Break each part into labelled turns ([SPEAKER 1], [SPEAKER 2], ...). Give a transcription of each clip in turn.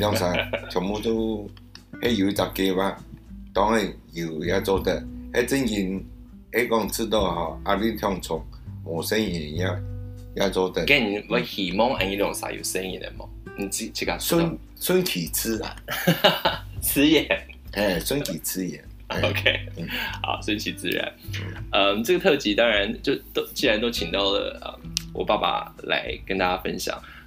[SPEAKER 1] 兩世， 全部都喺有一隻計劃，當然有要做得。喺之前，喺講知道嗬，阿你向從冇生意嘅，要要做。咁你咪希望阿你兩世有生意嘅冇？你知？孫，順其自然，
[SPEAKER 2] 自然 言。誒，順其自然。 OK，好，順其自然。嗯，這個特輯當然就都既然都請到了啊，我爸爸來跟大家分享。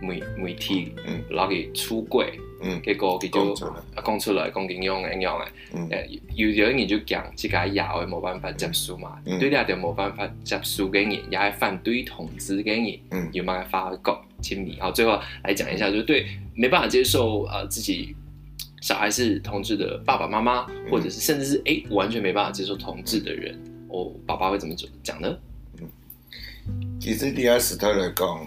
[SPEAKER 2] 媒媒體然後給出櫃，嗯，結果佢就講出來，講應用應用嘅，誒有有啲人就講，自己有嘅冇辦法接受嘛，對㗑就冇辦法接受你，人，也係反對同志給你。嗯，有辦法去告，前面好，最後來講一下，就對沒辦法接受啊自己小孩是同志的爸爸媽媽，或者是甚至是誒完全沒辦法接受同志的人，
[SPEAKER 1] 我爸爸會怎麼做講呢？其實對阿石頭來講。